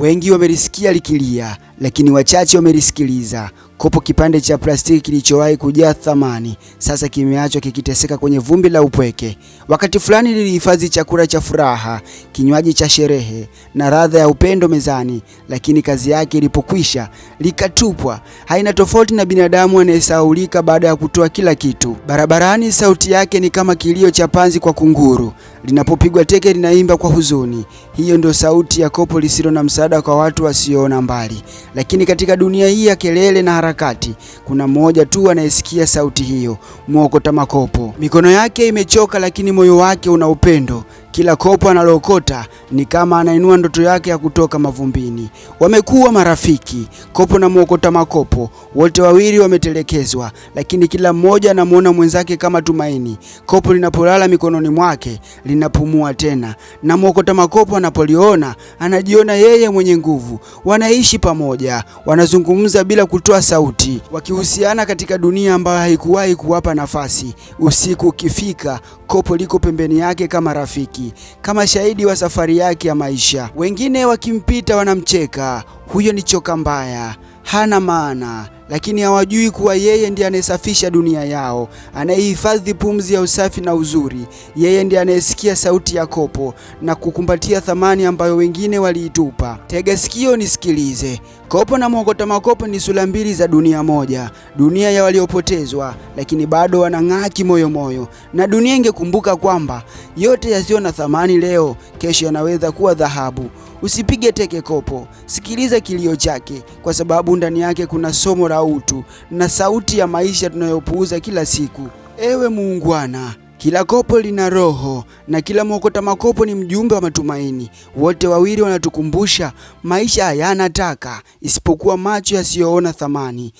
wengi wamelisikia likilia lakini wachache wamelisikiliza. Kopo, kipande cha plastiki kilichowahi kujaa thamani, sasa kimeachwa kikiteseka kwenye vumbi la upweke. Wakati fulani lilihifadhi chakula cha furaha, kinywaji cha sherehe na ladha ya upendo mezani, lakini kazi yake ilipokwisha, likatupwa. Haina tofauti na binadamu anayesahaulika baada ya kutoa kila kitu. Barabarani, sauti yake ni kama kilio cha panzi kwa kunguru, linapopigwa teke linaimba kwa huzuni. Hiyo ndio sauti ya kopo lisilo na msaada kwa watu wasioona mbali. Lakini katika dunia hii ya kelele na harakati, kuna mmoja tu anayesikia sauti hiyo, mwokota makopo. Mikono yake imechoka, lakini moyo wake una upendo. Kila kopo analookota ni kama anainua ndoto yake ya kutoka mavumbini. Wamekuwa marafiki, kopo na mwokota makopo. Wote wawili wametelekezwa, lakini kila mmoja anamwona mwenzake kama tumaini. Kopo linapolala mikononi mwake linapumua tena, na mwokota makopo anapoliona anajiona yeye mwenye nguvu. Wanaishi pamoja, wanazungumza bila kutoa sauti, wakihusiana katika dunia ambayo haikuwahi kuwapa nafasi. Usiku ukifika, kopo liko pembeni yake kama rafiki, kama shahidi wa safari yake ya maisha. Wengine wakimpita wanamcheka, huyo ni choka mbaya, hana maana lakini hawajui kuwa yeye ndiye anayesafisha dunia yao, anayehifadhi pumzi ya usafi na uzuri. Yeye ndiye anayesikia sauti ya kopo na kukumbatia thamani ambayo wengine waliitupa. Tega sikio nisikilize, Kopo na mwokota makopo ni sura mbili za dunia moja, dunia ya waliopotezwa lakini bado wanang'aa moyo, na dunia ingekumbuka kwamba yote yasiyo na thamani leo, kesho yanaweza kuwa dhahabu. Usipige teke kopo, sikiliza kilio chake, kwa sababu ndani yake kuna somo la utu na sauti ya maisha tunayopuuza kila siku. Ewe muungwana, kila kopo lina roho na kila mwokota makopo ni mjumbe wa matumaini. Wote wawili wanatukumbusha maisha hayana taka isipokuwa macho yasiyoona thamani.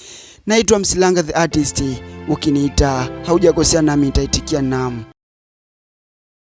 Naitwa Msilanga the Artist, ukiniita haujakosea, nami nitaitikia naam.